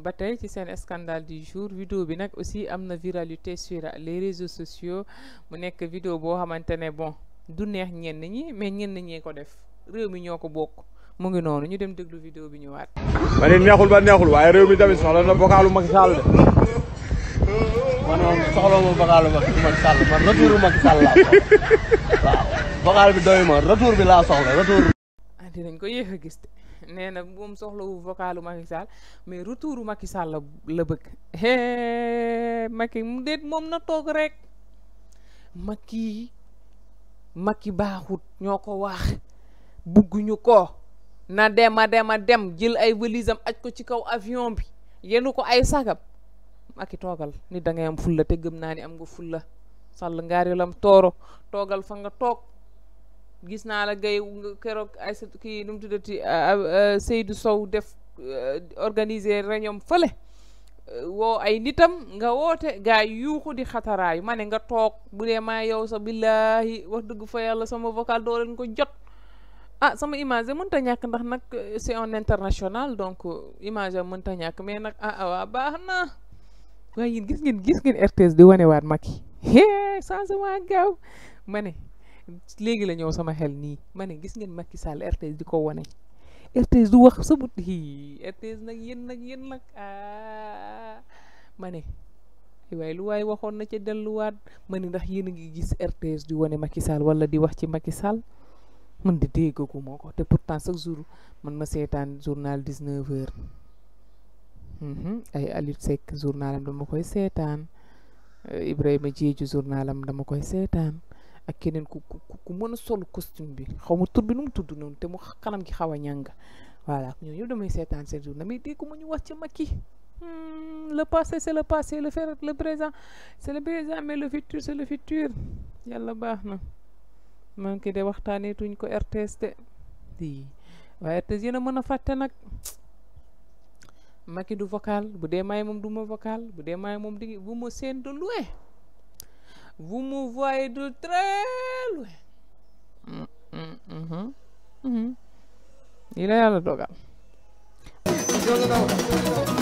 ba tey ci seen scandale du jour vidéo bi nag aussi am na viralité sur les réseaux sociaux mu nekk vidéo boo xamante ne bon du neex ñenn ñi mais ñenn ñee ko def réew mi ñoo ko bokk mu ngi noonu ñu dem déglu vidéo bi ñëwaat. ma ne neexul ba neexul waaye réew mi tamit soxla na bokkaalu Macky Sall de. man moom soxla ma vocal Macky man retour Macky Sall laa waaw bi doy ma retour bi laa soxla retour. ah dinañ ko yéex a gis nee na moom soxlawu vocalu Macky Sall mais retouru Macky Sall la bëgg Macky mu moom na toog rek Macky Macky baaxut ñoo ko wax bugguñu ko na dema dema dem jël ay valisam aj ko ci kaw avion bi yenu ko ay sagam ak i toogal nit da ngay am fulla te gëm naa am nga fulla sàll ngaari lam tooro toogal fa nga toog gis naa la gay keroog ay sa kii nu mu tuddati Seydou Sow def e, organiser réunion fële woo ay nitam nga woote gaa yi yuuxu di xataraayu ma ne nga toog bu dee yow sa billaahi wax dëgg fa yàlla sama vocal doo leen ko jot ah sama image mënta ñàkk ndax nag c'est un international donc image mënta ñàkk mais nag ah, ah waa baax na waaye yéen gis ngeen gis ngeen RTS di waat makki changement gaaw ma ne léegi la ñëw sama xel nii ma ne gis ngeen Macky Sall RTS di ko wane RTS du wax sabut hi RTS nag yéen nag yéen nag ah mane ne waaye lu waaye waxoon na ca delluwaat ma ne ndax yéen a ngi gis RTS di wane Macky Sall wala di wax ci makki Sall man di déggagu moo ko te pourtant chaque jour man ma seetaan journal 19 heures Mhm. ay Aliou Seck journalam dama koy seetaan eh, Ibrahima Diédhiou journalam dama koy seetaan ak keneen ku ku mën a sol costume bi xaw ma tur bi nu mu tudd noonu te mu kanam ki xaw a ñànga voilà ñoo ñëpp damay seetaan seen journal mais dégg mu ñu wax ci Macky hmm, le passé c'est le passé le faire le présent c'est le présent mais le futur c'est le futur yàlla baax na man ki de waxtaaneetuñ ko RTS de waaye RTS yéen a mën a fàtte nag Macky du vocal bu dee may moom du ma vocal bu dee may moom di vous me seen de loin vous me voyez de très loin lii mm, mm, mm-hmm. mm-hmm. mm-hmm. la